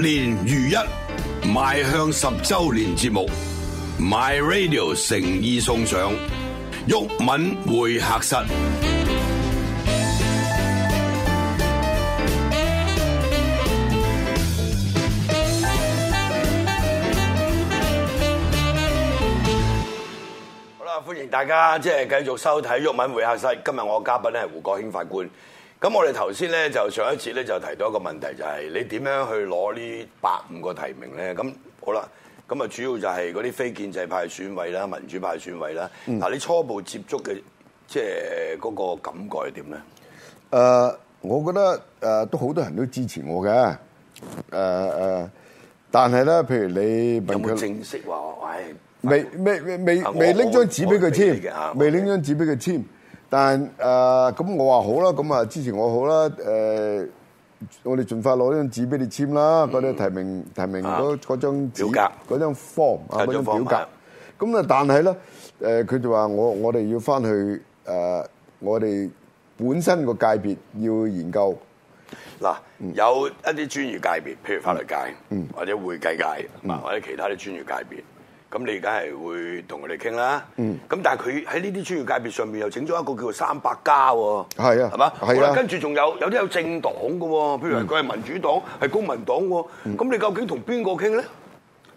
年如一，邁向十周年節目，My Radio 誠意送上《毓民會客室》。好啦，歡迎大家即係繼續收睇《毓民會客室》。今日我嘅嘉賓咧係胡國興法官。咁我哋頭先咧就上一次咧就提到一個問題，就係、是、你點樣去攞呢百五個提名咧？咁好啦，咁啊主要就係嗰啲非建制派選委啦、民主派選委啦。嗱、嗯，你初步接觸嘅即係嗰個感覺係點咧？誒、呃，我覺得誒都好多人都支持我嘅，誒、呃、誒，但係咧，譬如你有冇正式話？喂、哎，未未未未拎張紙俾佢簽，未拎、okay。張紙俾佢簽。但誒咁、呃、我話好啦，咁啊之前我好啦，誒、呃、我哋盡快攞張紙俾你簽啦，嗰、嗯、啲提名提名嗰嗰、啊、張紙嗰張 form 啊嗰張表格，咁啊但係咧誒佢就話我要去、呃、我哋要翻去誒我哋本身個界別要研究，嗱、嗯、有一啲專業界別，譬如法律界，嗯或者會計界嗱、嗯、或者其他啲專業界別。咁你梗係會同佢哋傾啦。咁但係佢喺呢啲專業界別上面又整咗一個叫做三百加喎。係啊，係嘛？係啊。跟住仲有有啲有政黨嘅喎，譬如佢係民主黨，係公民黨喎。咁你究竟同邊個傾咧？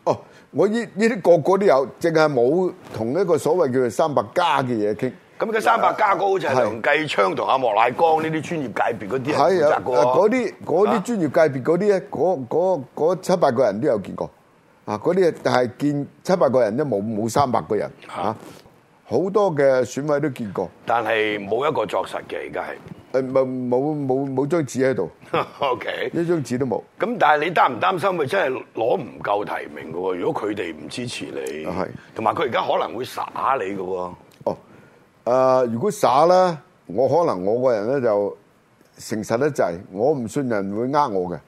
哦，我呢呢啲個個都有，淨係冇同一個所謂叫做三百加嘅嘢傾。咁佢三百加個好似梁繼昌同阿莫乃光呢啲專業界別嗰啲係有過。嗰啲嗰啲專業界別嗰啲咧，嗰嗰嗰七八個人都有見過。啊！嗰啲就係見七八個人，都冇冇三百個人嚇。好、啊啊、多嘅選委都見過，但係冇一個作實嘅，而家係誒冇冇冇冇張紙喺度。 OK，一張紙都冇。咁但係你擔唔擔心佢真係攞唔夠提名㗎喎？如果佢哋唔支持你，係同埋佢而家可能會耍你㗎喎。哦、啊，誒、呃，如果耍咧，我可能我個人咧就誠實得滯，我唔信人會呃我嘅。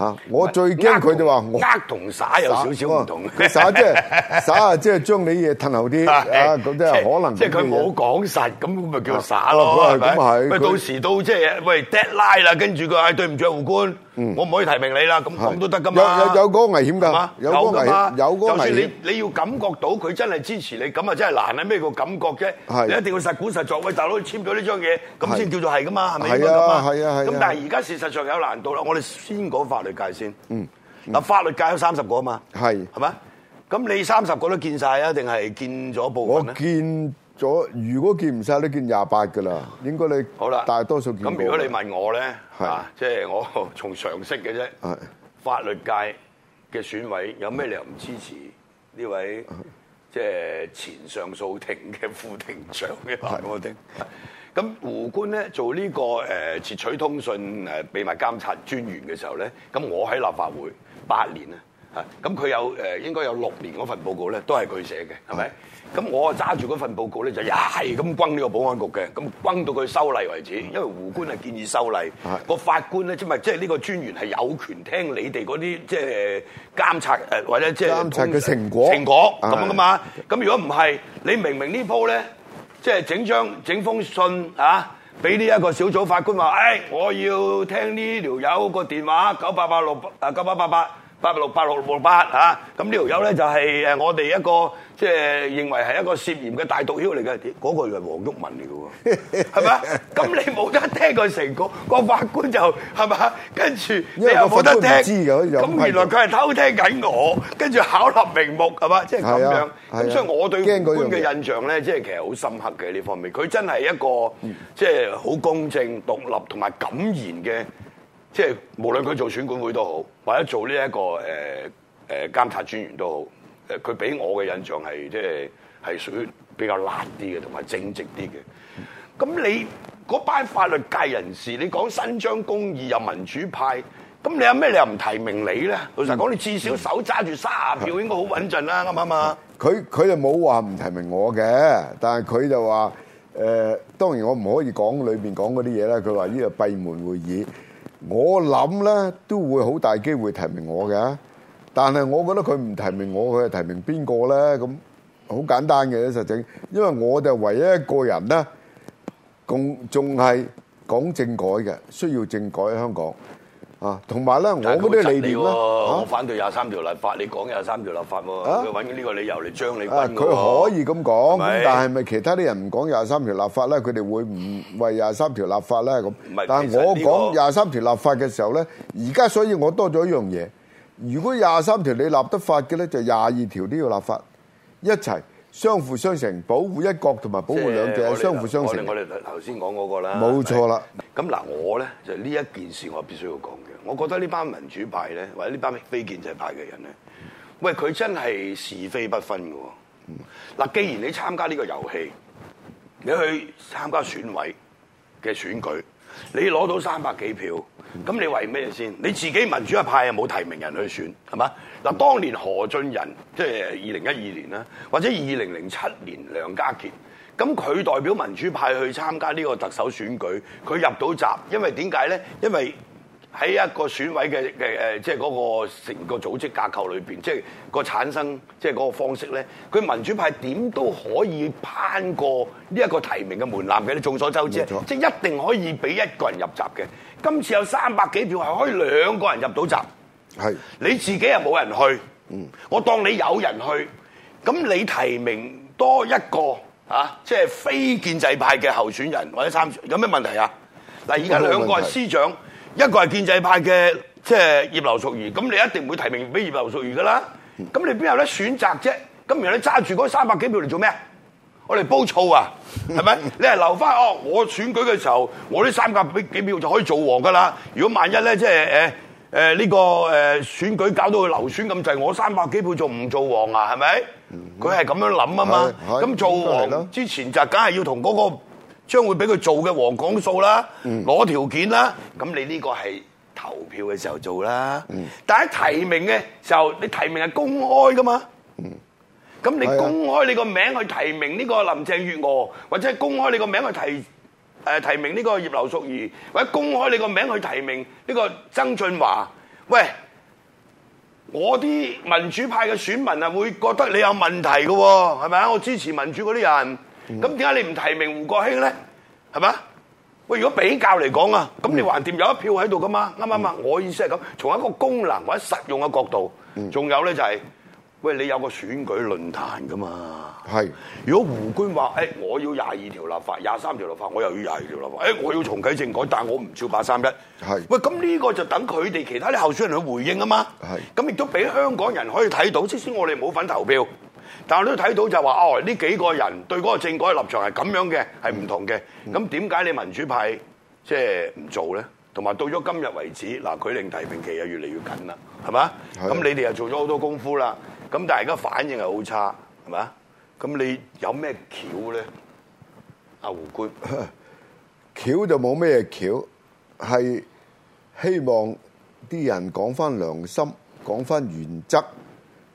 啊、我最驚佢哋話，呃同，同耍有少少唔同。啊，佢、啊、耍即係 耍將 啊，啊，啊，即係將你嘢褪後啲啊，咁即係可能。即係佢冇講實，咁咪叫耍咯，係咪？到時都即、就、係、是、喂 deadline 啦，跟住佢，係、哎、對唔住，胡官。嗯，我唔可以提名你啦，咁咁都得噶嘛？有有有嗰個危險噶嘛？有個危險，有嗰個危險。就算你你要感覺到佢真係支持你，咁啊真係難啊，咩個感覺啫？係你一定要實管實作，喂大佬你簽咗呢張嘢，咁先叫做係噶嘛？係咪啊？係啊係啊係。咁但係而家事實上有難度啦，我哋先講法律界先。嗯，嗯，法律界有三十個啊嘛，係係嘛？咁你三十個都見晒啊？定係見咗部分？左如果見唔晒呢件廿八噶啦，應該你好啦，大多數見到。咁如果你問我咧，係啊，即、就、係、係、我從常識嘅啫。係法律界嘅選委有咩理由唔支持呢位即係前上訴庭嘅副庭長嘅話畀我聽。咁、啊、胡官咧做呢個誒截取通訊誒秘密監察專員嘅時候咧，咁我喺立法會八年啊。咁佢有誒應該有六年嗰份報告咧，都係佢寫嘅，係咪？咁我揸住嗰份報告咧，就一係咁轟呢個保安局嘅，咁轟到佢修例為止。因為胡官係建議修例，個法官咧即咪即係呢、就是、個專員係有權聽你哋嗰啲即係監察或者即係監察嘅成果、呃、成果咁樣噶嘛？咁如果唔係，你明明呢樖咧即係整張整封信啊，俾呢一個小組法官話：誒、哎，我要聽呢條友個電話九八八六啊九八八八。9886, 9888, 八六八六六六八吓，咁呢條友咧就係誒，我哋一個即係認為係一個涉嫌嘅大毒梟嚟嘅，嗰個又係黃毓民嚟嘅喎，係咪啊？咁你冇得聽佢成告，個法官就係咪啊？跟住你又冇得聽，咁原來佢係偷聽緊我，跟住巧立名目係咪啊？即係咁樣。咁所以我對法官嘅印象咧，即係其實好深刻嘅呢方面，佢真係一個即係好公正、獨立同埋敢言嘅。即係無論佢做選管會都好，或者做呢、這、一個誒誒、呃、監察專員都好，誒佢俾我嘅印象係即係係屬於比較辣啲嘅，同埋正直啲嘅。咁你嗰班法律界人士，你講伸張公義又民主派，咁你有咩理由唔提名你咧？老實講，你至少手揸住卅票應該好穩陣啦，啱唔啱啊？佢佢就冇話唔提名我嘅，但係佢就話誒、呃，當然我唔可以講裏面講嗰啲嘢啦。佢話呢個閉門會議。我諗咧都會好大機會提名我嘅，但係我覺得佢唔提名我，佢係提名邊個咧？咁好簡單嘅，實際，因為我哋唯一一個人咧，共仲係講政改嘅，需要政改香港。啊，同埋咧，我嗰啲理念咯、啊啊，我反對廿三條立法，你講廿三條立法喎、啊，佢揾緊呢個理由嚟將你。佢可以咁講，但係咪其他啲人唔講廿三條立法咧？佢哋會唔為廿三條立法咧？咁、嗯，但係、這個、我講廿三條立法嘅時候咧，而家所以我多咗一樣嘢，如果廿三條你立得法嘅咧，就廿二條都要立法一齊。相輔相成，保護一國同埋保護兩地相輔相，相成。我哋頭先講嗰個啦，冇錯啦。咁嗱，我咧就、那個、呢一件事，我必須要講嘅。我覺得呢班民主派咧，或者呢班非建制派嘅人咧，喂，佢真係是，是非不分嘅。嗱，既然你參加呢個遊戲，你去參加選委嘅選舉。你攞到三百幾票，咁你為咩先？你自己民主派又冇提名人去選，係嘛？嗱、嗯，當年何俊仁即係二零一二年啦，或者二零零七年梁家傑，咁佢代表民主派去參加呢個特首選舉，佢入到閘，因為點解呢？因為喺一個選委嘅嘅誒，即係嗰成個組織架構裏邊，即係個產生即係嗰個方式咧，佢民主派點都可以攀過呢一個提名嘅門檻嘅。眾所周知，即係一定可以俾一個人入閘嘅。今次有三百幾票係可以兩個人入到閘，係你自己又冇人去，嗯，我當你有人去，咁你提名多一個啊，即係非建制派嘅候選人或者參選，有咩問題啊？嗱，而家兩個人係司長。嗯一個係建制派嘅，即係葉劉淑儀，咁你一定唔會提名俾葉劉淑儀噶啦，咁你邊有得選擇啫？咁然後你揸住嗰三百幾票嚟做咩？我哋煲醋啊，係 咪？你係留翻哦？我選舉嘅時候，我呢三百幾票就可以做王噶啦。如果萬一咧，即係誒誒呢個誒選舉搞到佢流選咁滯，我三百幾票仲唔做王啊？係咪？佢係咁樣諗啊嘛。咁做王之前就梗係要同嗰、嗰個。將會俾佢做嘅和講數啦，攞、嗯、條件啦，咁你呢個係投票嘅時候做啦、嗯。但係提名嘅時候，你提名係公開噶嘛？咁、嗯、你公開你個名去提名呢個林鄭月娥，或者公開你個名去提誒提名呢個葉劉淑儀，或者公開你個名去提名呢個曾俊華？喂，我啲民主派嘅選民係會覺得你有問題嘅，係咪啊？我支持民主嗰啲人。咁點解你唔提名胡國興咧？係嘛？喂，如果比較嚟講啊，咁你橫掂有一票喺度噶嘛？啱啱啱？嗯、我意思係咁，從一個功能或者實用嘅角度，仲、嗯、有咧就係、是，喂，你有個選舉論壇噶嘛？係。如果胡官話，誒、欸，我要廿二條立法，廿三條立法，我又要廿二條立法，誒、欸，我要重啟政改，但我唔照八三一。係。喂，咁呢個就等佢哋其他啲候選人去回應啊嘛。係。咁亦都俾香港人可以睇到，即使我哋冇份投票。但係都睇到就話哦，呢幾個人對嗰個政改嘅立場係咁樣嘅，係、嗯、唔同嘅。咁點解你民主派即係唔做咧？同埋到咗今日為止，嗱，舉令提名期又越嚟越緊啦，係嘛？咁你哋又做咗好多功夫啦。咁但係而家反應係好差，係嘛？咁你有咩橋咧？阿、啊、胡官橋就冇咩橋，係 希望啲人講翻良心，講翻原則，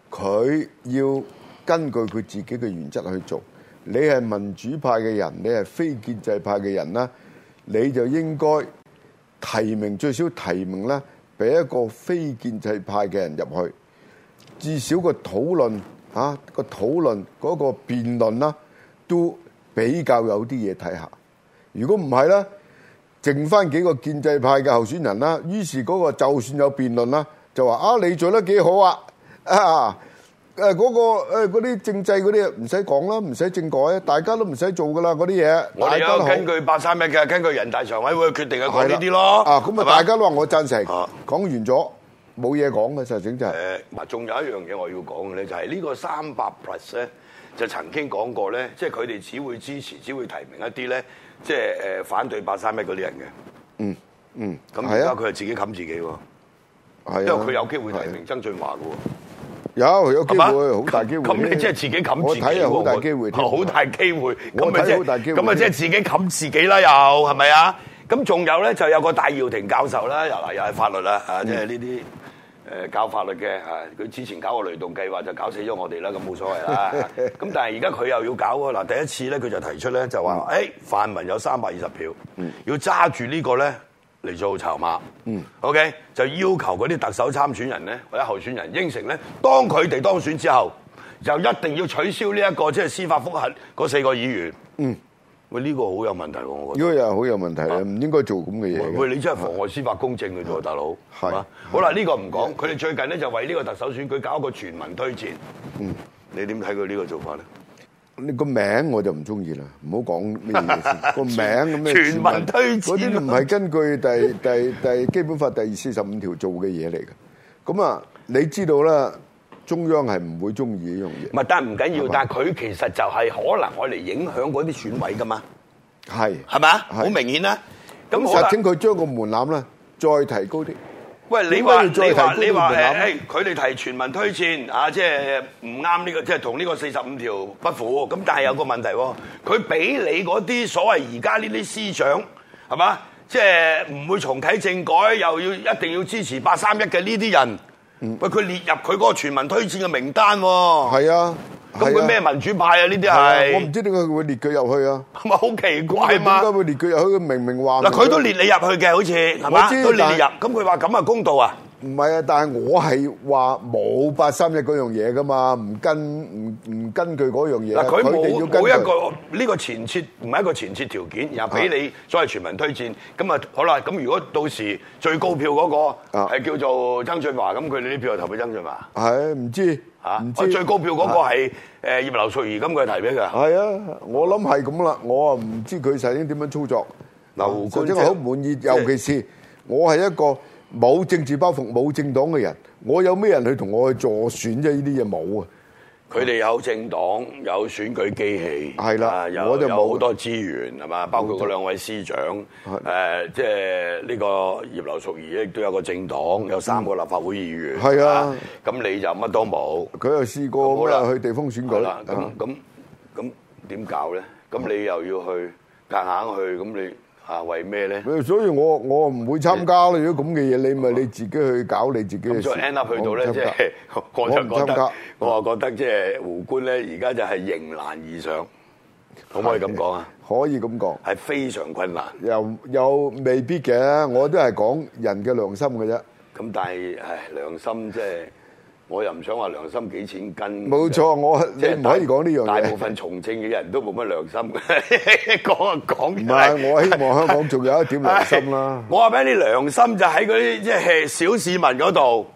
佢要。根據佢自己嘅原則去做，你係民主派嘅人，你係非建制派嘅人啦，你就應該提名最少提名啦，俾一個非建制派嘅人入去，至少嗰個討論嚇個、啊、討論嗰、嗰個辯論啦，都比較有啲嘢睇下。如果唔係啦，剩翻幾個建制派嘅候選人啦，於是嗰個就算有辯論啦，就話啊你做得幾好啊！誒、呃、嗰、那個啲、欸、政制嗰啲嘢唔使講啦，唔使政改，大家都唔使做噶啦嗰啲嘢。我哋都根據八三一嘅，根據人大常委會決定嘅嗰呢啲咯。啊，咁啊，大家都話我贊成。講、啊、完咗冇嘢講嘅，實證就係、是。唔、呃、係，仲有一樣嘢我要講嘅咧，就係、是、呢個三百 plus 咧，就曾經講過咧，即係佢哋只會支持，只會提名一啲咧，即係誒反對八三一嗰啲人嘅。嗯嗯，咁而家佢又自己冚自己喎、啊，因為佢有機會提名曾俊華嘅喎。有有機會，好大機會咁你即係自己冚自己。好大機會，好大機好大機會咁啊即係自己冚自己啦，又係咪啊？咁仲有咧，就有個戴耀廷教授啦，又嗱又係法律啦，即係呢啲誒搞法律嘅佢、啊、之前搞個雷動計劃就搞死咗我哋啦，咁、啊、冇所謂啦。咁 但係而家佢又要搞喎嗱，第一次咧佢就提出咧就話誒、嗯哎、泛民有三百二十票，嗯、要揸住呢個咧。嚟做籌碼，嗯，OK，就要求嗰啲特首參選人咧，或者候選人應承咧，當佢哋當選之後，就一定要取消呢一個即係司法覆核嗰四個議員，嗯，哎，喂，呢個好有問題喎，我覺得，呢個又係好有問題啊，唔應該做咁嘅嘢，喂，你真係妨礙司法公正嘅做大佬，係嘛？好啦，呢個唔講，佢哋最近咧就為呢個特首選舉搞一個全民推薦，嗯，你點睇佢呢個做法咧？你個名我就唔中意啦，唔好講咩意思。個名咁樣，全民推薦嗰啲唔係根據第第第基本法第二四十五條做嘅嘢嚟嘅。咁啊，你知道啦，中央係唔會中意呢樣嘢。唔係，但係唔緊要。但係佢其實就係可能我嚟影響嗰啲選委噶嘛。係，係咪？好明顯啦。咁實踐佢將個門檻咧，再提高啲。喂，你話你話你話，誒，佢哋提全民推薦啊，即係唔啱呢個，即係同呢個四十五條不符。咁但係有個問題喎，佢俾你嗰啲所謂而家呢啲思想係咪，即係唔會重啟政改，又要一定要支持八三一嘅呢啲人。喂，佢列入佢嗰個全民推薦嘅名單喎。係啊，咁佢咩民主派啊？呢啲係我唔知點解會列佢入去啊，係咪好奇怪嘛、啊？點解會列佢入去？佢明明話嗱，佢都列你入去嘅，好似係咪都列你入？咁佢話咁啊公道啊？唔係啊！但係我係話冇八三一嗰樣嘢噶嘛，唔根唔唔根據嗰樣嘢。佢冇冇一個呢、呢個前設，唔係一個前設條件，又俾你所謂全民推薦。咁啊，好啦，咁如果到時最高票嗰個係叫做曾俊華，咁佢哋啲票有投俾曾俊華？係唔知嚇？唔、啊、知、啊、最高票嗰個係誒葉劉淑儀，咁佢提名佢。係、嗯、啊、嗯嗯，我諗係咁啦，我啊唔知佢實係點樣操作。劉國超好滿意，尤其是我係一個。冇政治包袱、冇政黨嘅人，我有咩人去同我去助選啫？呢啲嘢冇啊！佢哋有政黨、有選舉機器，係啦，有有好多資源，係嘛？包括嗰兩位司長，誒，即係呢個葉劉淑儀，亦都有個政黨，有三個立法會議員，係啊。咁你就乜都冇。佢又試過好啦，去地方選舉啦。咁咁咁點搞咧？咁你又要去夾硬去？咁你？啊，為咩咧？所以，我我唔會參加啦。如果咁嘅嘢，你咪你自己去搞你自己嘅事。咁再 end up 去到咧，即係我唔參加，我覺得即係胡官咧，而家就係迎難而上，可唔可以咁講啊？可以咁講，係非常困難，又又未必嘅。我都係講人嘅良心嘅啫。咁但係，唉，良心即係。我又唔想話良心幾錢斤，冇錯，我、就係、你唔可以講呢樣大，大部分從政嘅人都冇乜良心，講就講。唔係，我希望香港仲有一點良心啦、哎哎。我話俾你，良心就喺嗰啲即係小市民嗰度。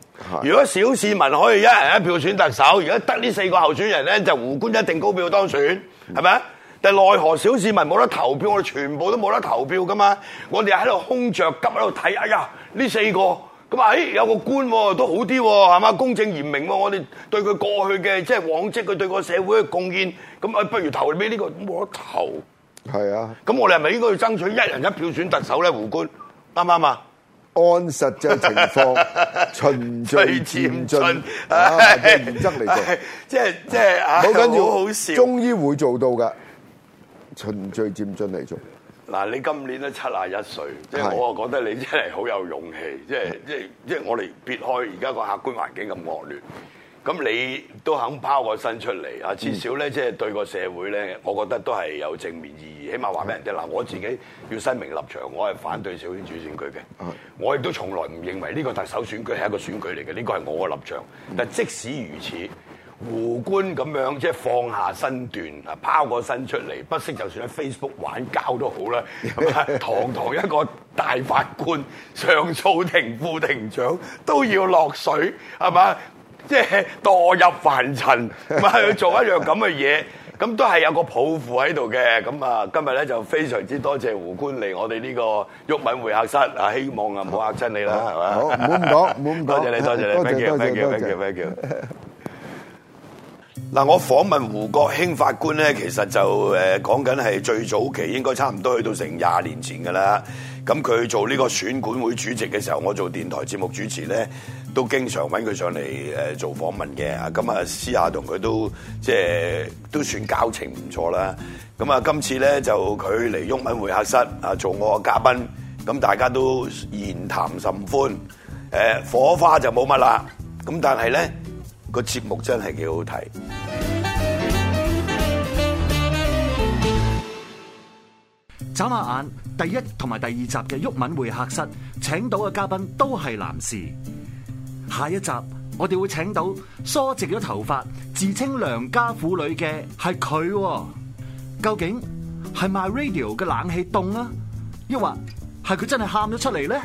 如果小市民可以一人一票選特首，如果得呢四個候選人咧，就胡官一定高票當選，係咪、嗯、但係奈何小市民冇得投票，我哋全部都冇得投票噶嘛，我哋喺度空着，急喺度睇，哎呀，呢四個。咁、嗯、啊！誒有個官都好啲喎，係嘛？公正嚴明喎，我哋對佢過去嘅即係往績，佢對個社會嘅貢獻，咁啊，不如投俾呢、呢個我投。係啊！咁我哋係咪應該要爭取一人一票選特首咧？胡官啱唔啱啊？按實際情況循序漸進原則嚟做，即係即係好緊要，好好笑，終於會做到嘅循序漸進嚟 做。 嗱，你今年都七啊一歲，即係我啊覺得你真係好有勇氣，即係即係即係我哋撇開而家個客觀環境咁惡劣，咁你都肯拋個身出嚟，啊至少咧即係對個社會咧，我覺得都係有正面意義，起碼話俾人聽。嗱，我自己要申明立場，我係反對小圈子選舉嘅，我亦都從來唔認為呢個特首選舉係一個選舉嚟嘅，呢個係我嘅立場。但即使如此。胡官咁樣即係放下身段啊，拋個身出嚟，不惜就算喺 Facebook 玩膠都好啦。咁 堂堂一個大法官、上訴庭副庭長都要落水，係嘛？即係墮入凡塵，唔 係去做一樣咁嘅嘢。咁都係有個抱負喺度嘅。咁啊，今日咧就非常之多謝胡官嚟我哋呢個毓民會客室啊，希望啊唔好嚇親你啦，係嘛？好，唔好講，唔好講。多謝你，多謝你，Thank you，Thank you，Thank you。 嗱，我訪問胡國興法官咧，其實就誒講緊係最早期，應該差唔多去到成廿年前噶啦。咁佢做呢個選管會主席嘅時候，我做電台節目主持咧，都經常搵佢上嚟誒做訪問嘅。咁啊私下同佢都即係都算交情唔錯啦。咁啊，今次咧就佢嚟《毓民會客室》啊做我嘅嘉賓，咁大家都言談甚歡，誒火花就冇乜啦。咁但係咧。個節目真係幾好睇。眨下眼，第一同埋第二集嘅毓民會客室，請到嘅嘉賓都係男士。下一集，我哋會請到梳直咗頭髮、自稱良家婦女嘅係佢。究竟係 My Radio 嘅冷氣凍啊？抑或係佢真係喊咗出嚟咧？